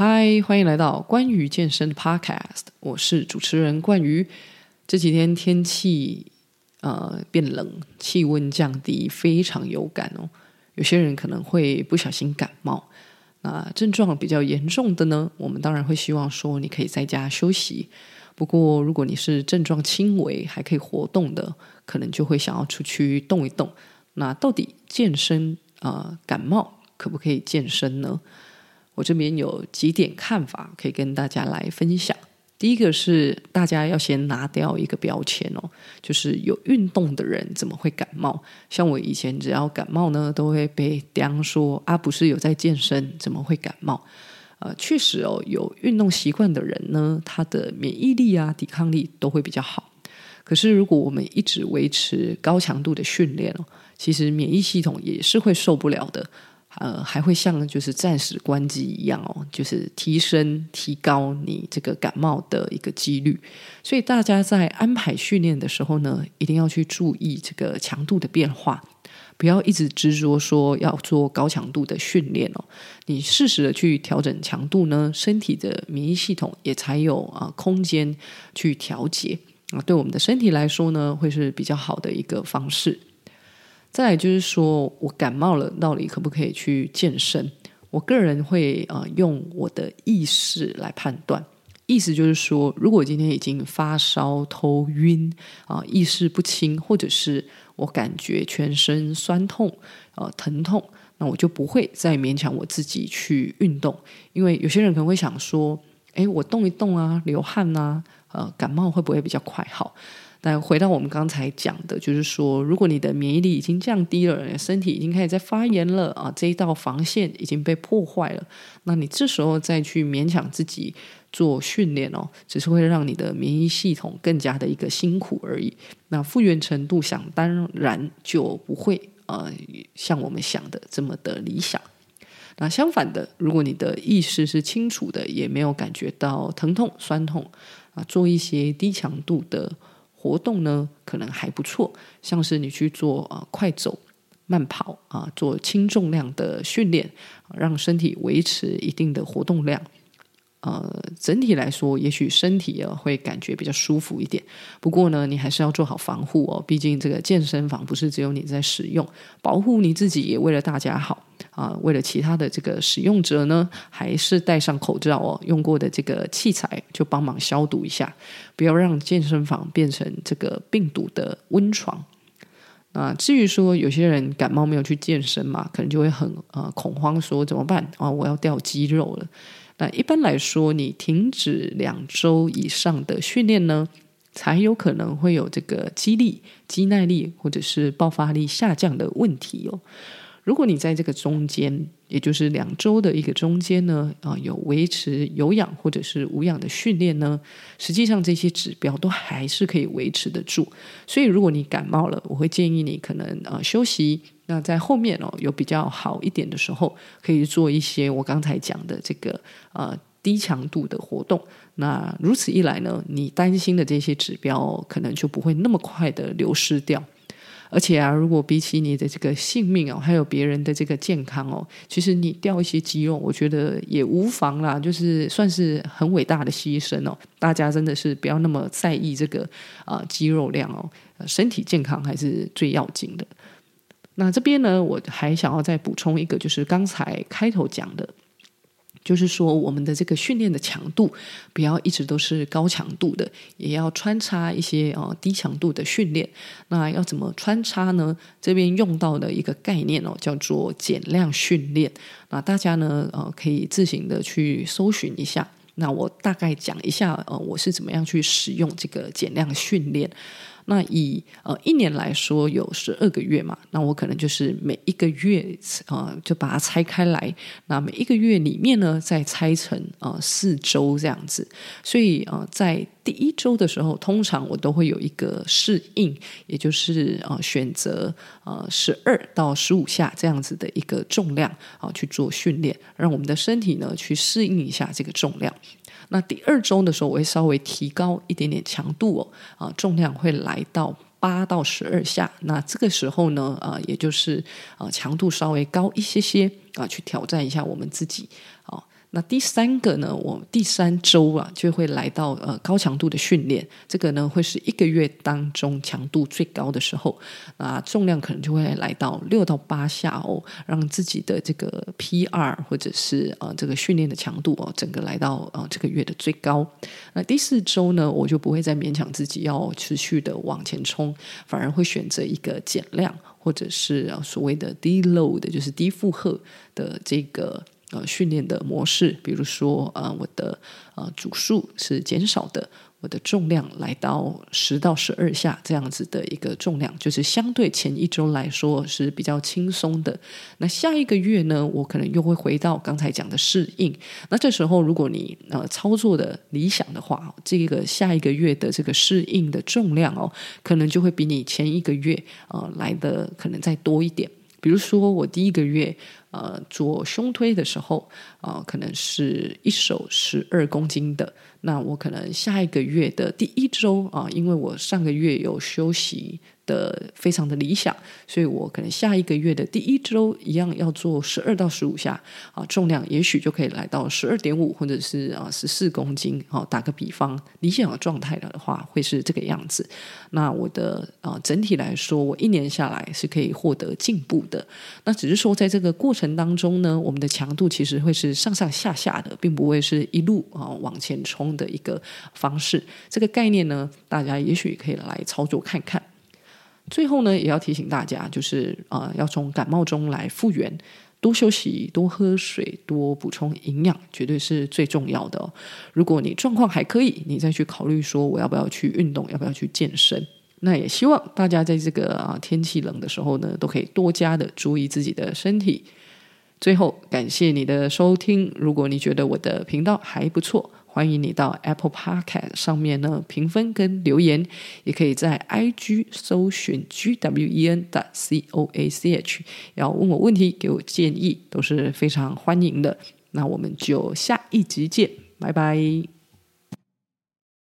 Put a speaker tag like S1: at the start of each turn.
S1: 嗨，Hi, 歡迎來到關於健身的 Podcast。我是主持人冠宇。這幾天天氣呃變冷，氣溫降低，非常有感哦。有些人可能會不小心感冒。那症狀比較嚴重的呢，我們當然會希望說你可以在家休息。不過，如果你是症狀輕微，還可以活動的，可能就會想要出去動一動。那到底健身啊、呃，感冒可不可以健身呢？我這邊有幾點看法可以跟大家來分享。第一個是，大家要先拿掉一個標籤哦，就是有運動的人怎麼會感冒？像我以前只要感冒呢，都會被講說啊，不是有在健身怎麼會感冒？呃，確實哦，有運動習慣的人呢，他的免疫力啊、抵抗力都會比較好。可是如果我們一直維持高強度的訓練哦，其實免疫系統也是會受不了的。呃，還會像就是暫時關機一樣哦，就是提升、提高你這個感冒的一個幾率。所以大家在安排訓練的時候呢，一定要去注意這個強度的變化，不要一直執着說要做高強度的訓練哦。你適時的去調整強度呢，身體的免疫系統也才有啊空間去調節啊。對我們的身體來說呢，會是比較好的一個方式。再來就是說我感冒了，到底可不可以去健身？我個人會呃用我的意識來判斷，意思就是說，如果今天已經發燒、頭暈啊、呃、意識不清，或者是我感覺全身痠痛、呃、疼痛，那我就不會再勉強我自己去運動，因為有些人可能會想說。哎，我動一動啊，流汗啊，呃，感冒會不會比較快好？但回到我們剛才講的，就是說，如果你的免疫力已經降低了，你的身體已經開始在發炎了啊，呃，這一道防線已經被破壞了，那你這時候再去勉強自己做訓練哦，只是會讓你的免疫系統更加的一個辛苦而已。那復原程度想當然就不會呃像我們想的這麼的理想。那相反的，如果你的意識是清楚的，也沒有感覺到疼痛、酸痛，啊，做一些低強度的活動呢，可能還不錯。像是你去做啊、快走、慢跑啊，做輕重量的訓練，啊，讓身體維持一定的活動量。呃，整體來說，也許身體啊、呃、會感覺比較舒服一點。不過呢，你還是要做好防護哦。畢竟這個健身房不是只有你在使用，保護你自己也為了大家好啊、呃。為了其他的這個使用者呢，還是戴上口罩哦。用過的這個器材就幫忙消毒一下，不要讓健身房變成這個病毒的溫床。啊、呃，至於說有些人感冒沒有去健身嘛，可能就會很呃恐慌，說怎麼辦啊？我要掉肌肉了。那一般來說，你停止兩周以上的訓練呢，才有可能會有這個肌力、肌耐力或者是爆發力下降的問題哦。如果你在這個中間，也就是兩周的一個中間呢，啊、呃，有維持有氧或者是無氧的訓練呢，實際上這些指標都還是可以維持得住。所以，如果你感冒了，我會建議你可能啊、呃，休息。那在後面哦，有比較好一點的時候，可以做一些我剛才講的這個呃低強度的活動。那如此一來呢，你擔心的這些指標哦，可能就不會那麼快的流失掉。而且啊，如果比起你的這個性命哦，還有別人的這個健康哦，其實你掉一些肌肉，我覺得也無妨啦。就是算是很偉大的犧牲哦。大家真的是不要那麼在意這個啊，呃，肌肉量哦，身體健康還是最要緊的。那這邊呢，我還想要再補充一個，就是剛才開頭講的，就是說我們的這個訓練的強度不要一直都是高強度的，也要穿插一些啊、哦、低強度的訓練。那要怎麼穿插呢？這邊用到的一個概念哦，叫做減量訓練。那大家呢，呃、哦，可以自行的去搜尋一下。那我大概講一下，呃、哦，我是怎麼樣去使用這個減量訓練。那以呃一年來說有十二個月嘛，那我可能就是每一個月啊、呃、就把它拆開來，那每一個月裡面呢再拆成啊、呃、四周這樣子，所以呃在第一周的時候，通常我都會有一個適應，也就是呃選擇呃十二到十五下這樣子的一個重量啊、呃、去做訓練，讓我們的身體呢去適應一下這個重量。那第二週的時候，我會稍微提高一點點強度哦，啊，重量會來到八到十二下。那這個時候呢，啊，也就是啊，強度稍微高一些些啊，去挑戰一下我們自己，啊。那第三個呢？我第三周啊，就會來到呃高強度的訓練，這個呢會是一個月當中強度最高的時候。那、啊、重量可能就會來到六到八下哦，讓自己的這個 PR 或者是呃這個訓練的強度哦，整個來到呃這個月的最高。那第四周呢，我就不會再勉強自己要持續的往前衝，反而會選擇一個減量，或者是啊所謂的低 load，就是低負荷的這個。呃，訓練的模式，比如說，呃，我的呃組數是減少的，我的重量來到十到十二下這樣子的一個重量，就是相對前一周來說是比較輕鬆的。那下一個月呢，我可能又會回到剛才講的適應。那這時候，如果你呃操作的理想的話，這個下一個月的這個適應的重量哦，可能就會比你前一個月呃來的可能再多一點。比如說，我第一個月，呃，做胸推的時候，呃可能是一手十二公斤的。那我可能下一個月的第一周啊，呃，因為我上個月有休息。的非常的理想，所以我可能下一個月的第一周一樣要做十二到十五下啊，重量也許就可以來到十二點五或者是啊十四公斤啊。打個比方，理想的狀態的話，會是這個樣子。那我的啊整體來說，我一年下來是可以獲得進步的。那只是說，在這個過程當中呢，我們的強度其實會是上上下下的，並不會是一路啊往前衝的一個方式。這個概念呢，大家也許可以來操作看看。最後呢，也要提醒大家，就是啊、呃，要從感冒中來復原，多休息，多喝水，多補充營養，絕對是最重要的哦。如果你狀況還可以，你再去考慮說我要不要去運動，要不要去健身。那也希望大家在這個啊、呃，天氣冷的時候呢，都可以多加的注意自己的身體。最後，感謝你的收聽。如果你覺得我的頻道還不錯，歡迎你到 Apple Podcast 上面呢，評分跟留言，也可以在 IG 搜尋 G W E N. 點 C O A C H，然後問我問題，給我建議都是非常歡迎的。那我們就下一集見，拜拜。